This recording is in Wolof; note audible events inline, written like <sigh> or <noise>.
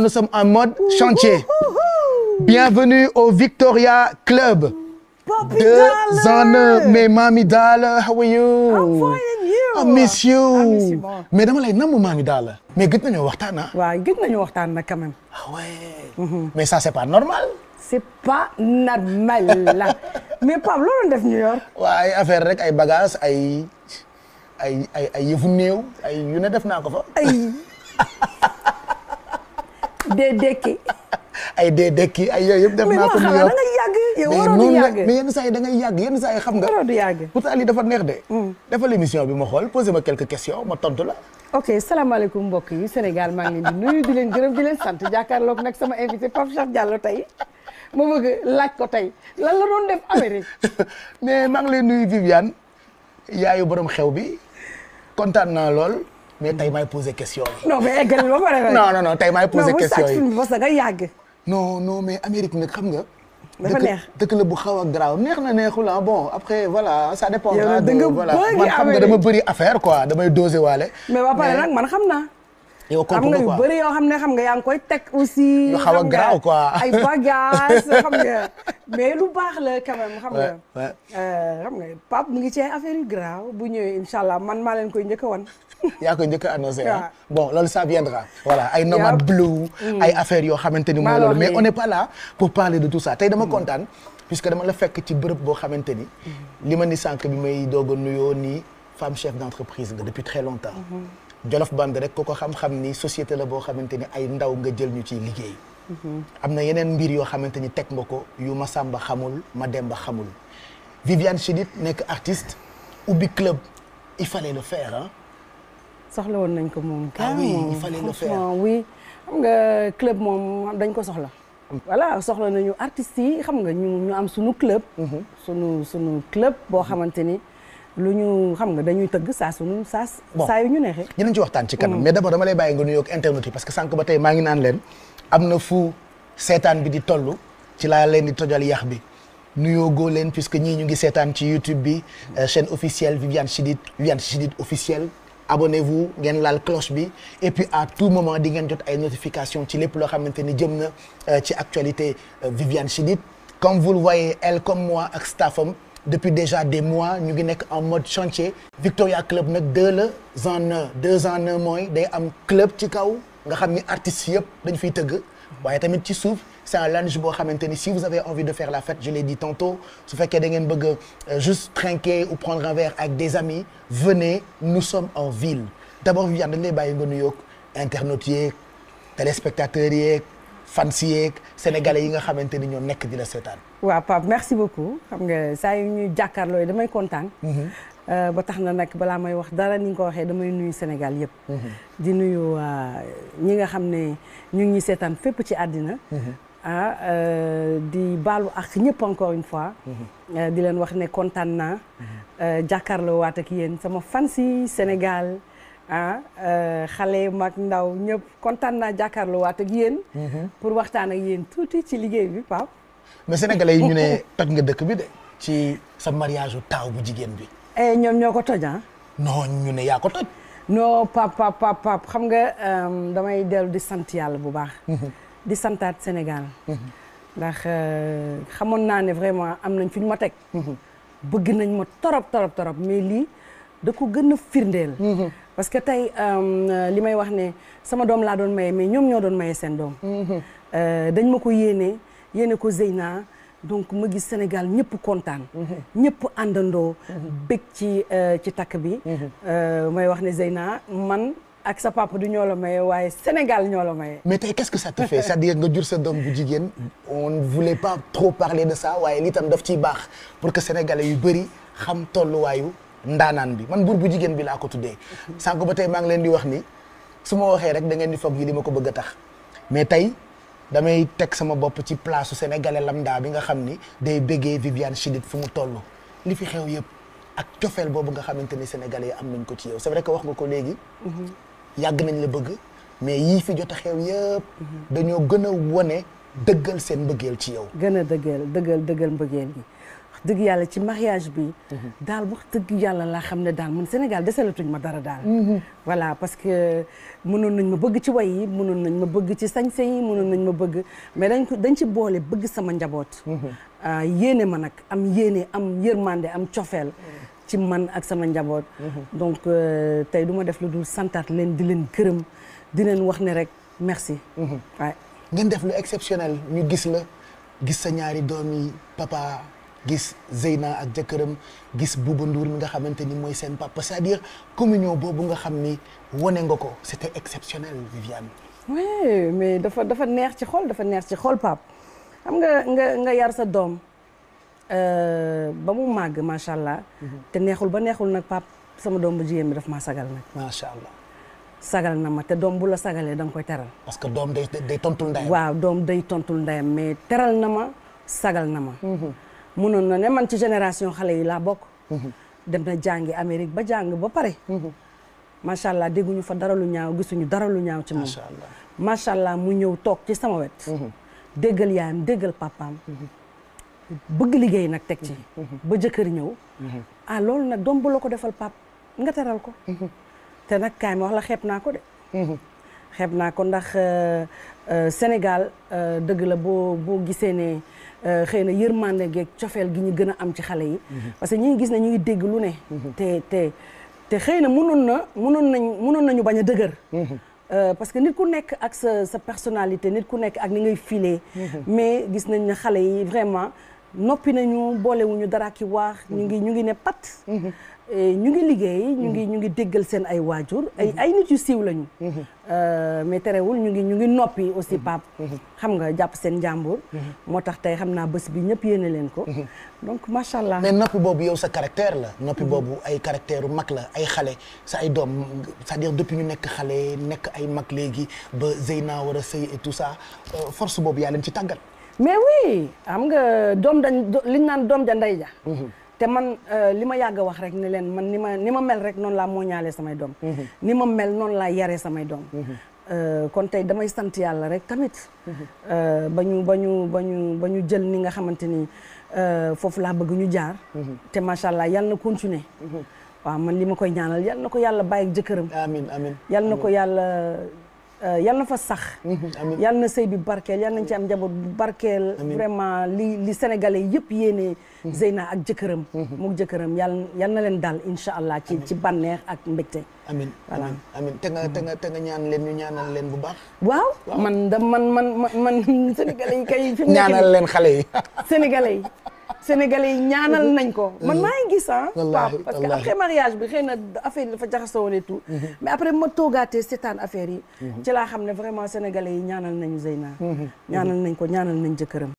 nous sommes en mode chantier. Bienvenue au Victoria Club. Poppy deux en euh, mais Mami Dalla how are you. I'm you. I miss you. dama lay namu Mami Dalla. mais gëj nañoo waxtaan ah. waaw gëj nañoo waxtaan nag quand même. ah ouais. Mm-hmm. mais ça c'est pas normal. c'est pas normal la mais Pape loolu def New York. waaw ay affaire rek ay bagages ay ay ay ay ay yu ne naa ko fa. <laughs> dee dekki. ay dee dekki ay yooyu yëpp def naa ko. mais da ngay yàgg yow waroon du da ngay yàgg yenn saa yi nga. waroon du yàgg pourtant lii dafa neex de. Mm. defal émission bi ma xool posé ma quelques questions ma tontu la. ok salaamaaleykum mbokk yi Sénégal maa ngi leen nuyu di leen gërëm di leen sant jàkkaarloog nag sama invité Pape Cheikh Diallo tey ma bëgg laaj ko tey lan la doon def Amérique. <laughs> mais maa ngi lay nuyu Viviane yaayu borom xew bi kontaan naa lool. mais tey may posé question yi. non mais eggal ba pare non non non may posé question yi non bu sax nga yàgg. non non xam nga. dafa neex dëkk la bu xaw a garaaw neex na neexul ah bon après voilà ça dépend. yow ah, de voilà man xam nga dama bëri affaire quoi damay dosé waale. mais ba pare nag man xam na yow xam nga yu bëri yoo xam ne xam nga yaa ngi koy teg aussi. lu xaw a garaaw quoi ay bagages xam nga. <laughs> mais lu baax la quand même xam nga. Euh, mu ngi ci affaire yu grave bu ñëwee incha allah man maa leen koy njëkk wan. <laughs> yaa koy njëkk a annoncé ah bon loolu ça viendra. voilà ay nomade blue. Mm. ay affaire yoo xamante ni mooy loolu mais on n'est pas là pour parler de tout ça tey dama mm. kontaan. puisque dama la fekk ci bërëb boo xamante ni. Mm. li man ni sànq bi may doog a nuyoo nii femme chef d'entreprise nga depuis très longtemps. Mm-hmm. Jolof Band rek ku ko xam-xam ni société la boo xamante ni ay ndaw nga jël ñu ciy liggéey. am na yeneen mbir yoo xamante ni teg nga ko yu ma sàmba xamul ma demba xamul Viviane Chidid nekk artist ubbi club il fallait le faire ah soxla woon nañ ko moom ah oui il fallait le xam nga club moom dañ ko soxla voilà soxla nañu artistes yi xam nga ñu ñu am suñu club mhm. suñu club boo mhm. xamante lu ñu xam nga dañuy tëgg saa suñu saa saa yu ñu neexee dinañ ci waxtaan ci kanam mhm. mais d'abord dama lay bàyyi nga nuyoog internet yi parce que sànq ba tey maa ngi naan leen am na fu seetaan bi di toll ci laa leen di tojal yax bi nuyoo goo leen puisque ñii ñu ngi seetaan ci YouTube bi euh, chaîne officielle Viviane Chidid Viviane Chidid officielle abonnez-vous ngeen laal cloche bi et puis à tout moment di ngeen jot ay notification ci lépp loo xamante ni jëm na euh, ci actualité euh, Viviane Chidid comme vous le voyez elle comme moi ak staffam depuis déjà des mois ñu ngi nekk en mode chantier Victoria Club nag deux le en un deux en un mooy day am club ci kaw nga xam ni artistes yëpp dañ fiy tëgg waaye tamit ci suuf c'est un lounge boo xamante ni si vous avez envie de faire la fête je l'ai dit tantôt su fekkee da ngeen bëgg euh, juste trinquer ou prendre un verre avec des amis venez nous sommes en ville d'abord Viviane dañ lay bàyyi nga nuyoog internautes yeeg téléspectateurs yeeg fans yeeg sénégalais yi nga xamante ni ñoo nekk dina la seetaan. waaw Pape merci beaucoup xam nga saa yu ñu jàkkaarloo kontaan. Mm-hmm. Euh, ba tax na nag balaa may wax dara ni nga ko waxee damay nuyu Sénégal yëpp. Mhm. di nuyu euh, ñi nga xam ne ñu ngi seetaan fépp ci àddina. Mhm. ah euh, di baalu ak ñëpp encore une fois. Mhm. di leen wax ne kontaan naa. jàkkaarloo waat ak yéen sama fan si Sénégal. ah xale mag ndaw ñëpp kontaan naa jàkkaarloo waat ak yéen. pour waxtaan ak yéen tuuti ci liggéey bi Pape. mais sénégalais yi ñu ne toj nga dëkk bi de. ci sa mariage taaw bu jigéen bi. Eh, ñoom ñoo ko toj ah. non ñu ne yaa ko toj. non pap pap xam nga euh, damay dellu di sant yàlla bu baax. Mhm. di santaat Sénégal. Mhm. ndax euh, xamoon naa ne vraiment am nañ fi ñu ma teg. Mhm. bëgg nañ ma torop torop torop mais lii da ko gën a firndeel. parce que tey euh, li may wax ne sama doom laa doon maye mais ñoom ñoo doon maye seen doom. dañ ma ko yéene yéene ko Zeyna. donc ma gis Sénégal ñëpp kontaan. Mhm. ñëpp àndandoo. Mhm. bëgg ci euh, ci takk bi. Mhm. Euh, may wax ne Zeyna man. ak sa papa du ñoo la waaye Sénégal ñoo la maye. mais tey qu'est-ce que ça <laughs> cest à nga jur sa doom bu jigéen on ne voulait pas trop parler de ça waaye lii tam daf ciy baax pour que sénégalais yu bëri xam tolluwaayu ndaanaan bi man buur bu jigéen bi laa ko tuddee. sànq ba tey maa ngi leen di wax ni su ma waxee rek da ngeen di foog yi li ma ko bëgg a tax mais tey damay teg sama bopp ci place sénégalais lambda bi nga xam ni day bëggee Viviane Chidid fu mu tollu li fi xew yëpp ak cofeel boobu nga xamante ni sénégalais yi am nañ ko ci yow c'est vrai wax nga ko léegi. Mm-hmm. yàgg nañ la bëgg mais yii fi jot a xew yëpp. Mm-hmm. dañoo gën a wane dëggal seen mbëggeel ci yow. gën a dëggal dëggal dëggal mbëggeel gi dëgg yàlla ci mariage bi. Mhm. daal dëgg yàlla laa xam ne daal man Sénégal desalatuñ ma dara daal. Mhm. voilà parce que mënoon nañ bëgg ci way yi mënoon nañ ma bëgg ci sañse yi mënoon nañ ma bëgg mais dañ ko dañ ci boole bëgg sama njaboot. Mhm. Ah, yéene ma nag am yéene am yërmande am cofeel ci man ak sama njaboot. donc euh, tey du ma def lu dul santaat leen di leen gërëm di leen wax ne rek merci. waay def lu exceptionnel ñu gis la gis sa ñaari doom yi papa. gis Zeyna ak jëkkëram gis Bouba mi nga xamante ni mooy seen papa c'est-à-dire communion boobu nga xam ni wone nga ko c'était exceptionnel Viviane. mais dafa dafa neex ci xol dafa neex ci xol pap xam nga nga nga yar sa doom euh, ba mu màgg macha allah. Mhm. te neexul ba neexul nag pap sama doom bu jigéen bi dafa ma sagal nag. macha allah. sagal na ma te doom bu la sagalee da nga koy teral. parce que doom day day tontul ndeyam. waaw doom day tontul ndeyam mais teral na ma sagal na ma. Mhm. mënoon na ne man ci génération xale yi laa bokk. Mhm. dem na jàngi Amérique ba jàng ba pare. Mhm. macha allah dégguñu fa dara lu ñaaw gisuñu dara lu ñaaw ci moom. macha allah macha mu ñëw toog ci sama wet. Mhm. déggal yaayam déggal papaam. bëgg liggéey nag teg ci. ba jëkkër ñëw. ah loolu nag doom bu la ko defal papp nga teral ko. te nag kaay ma wax la xeeb naa ko de. xeeb naa ko ndax euh, euh, Sénégal euh, dëgg la boo boo gisee ne. Euh, xëy na yërmande geeg cofeel gi ñu gën a am ci xale yi mhm. parce que ñi gis ne ñu ngi dégg lu ne mhm. te te te xëy na mënoon na mënoon nañ mënoon nañu bañ a dëgër mhm. euh, parce que nit ku nekk ak sa sa personnalité nit ku nekk ak ni ngay filer mais gis nañ ne xale yi vraiment noppi nañu boolewuñu dara ki waax ñu ngi ñu ngi ne pat mhm. eh, ñu ngi liggéey ñu ngi ñu ngi déggal seen ay waajur ay mhm. ay nit yu siiw lañu mhm. eh, mais terewul ñu ngi ñu ngi noppi aussi pap xam nga jàpp seen njàmbur moo tax tey xam naa bés bi ñëpp yéene leen ko donc macha allah mais noppi boobu yow sa caractère la noppi boobu ay caractère u mag la ay xale sa ay doom sa à dire ñu nekk xale nekk ay mag léegi ba Zeyna war a sëy et tout ça euh, force boobu yàlla leen ci tàggat mais oui xam nga doom dañ liñ naan doom ja ndey ja mhm. te man euh, li ma yàgg wax rek ni leen man ni ma ni ma mel rek noonu laa mooñaale samay doom mhm. ni ma mel noonu laa yaree samay doom mhm. euh, kon tey damay sant yàlla rek tamit euh, ba ñu ba ñu ba ñu jël ni nga xamante ni foofu laa bëgg ñu jaar te macha allah yàlla na continuer waaw man li ma koy ñaanal yàlla na ko yàlla bàyyi jëkkëram amiin amiin yàlla na ko yàlla Euh, yal na fa sax mhm, yal na sëy bi barkeel yal nañ ci am njaboot bu barkeel vraiment li li sénégalais yëpp yéene mhm. Zeyna ak jëkkëram mhm. mook jëkkëram yal yal na leen daal incha allah ci ci bànneex ak mbégte amin voilà amin te nga te te nga ñaan leen ñu ñaana leen bu baax waaw man da man man man man <laughs> sénégalais yi leen xale yi sénégalais yi sénégalais yi ñaanal mhm. nañ ko. man mhm. maa ngi gis ah. parce que après mariage bi xëy na affaire yi dafa jaxasoo woon et mhm. après ma toogaatee seetaan affaire yi. ci laa xam ne vraiment sénégalais yi ñaanal nañu Zeyna. ñaanal nañ ko ñaanal nañ jëkkëram.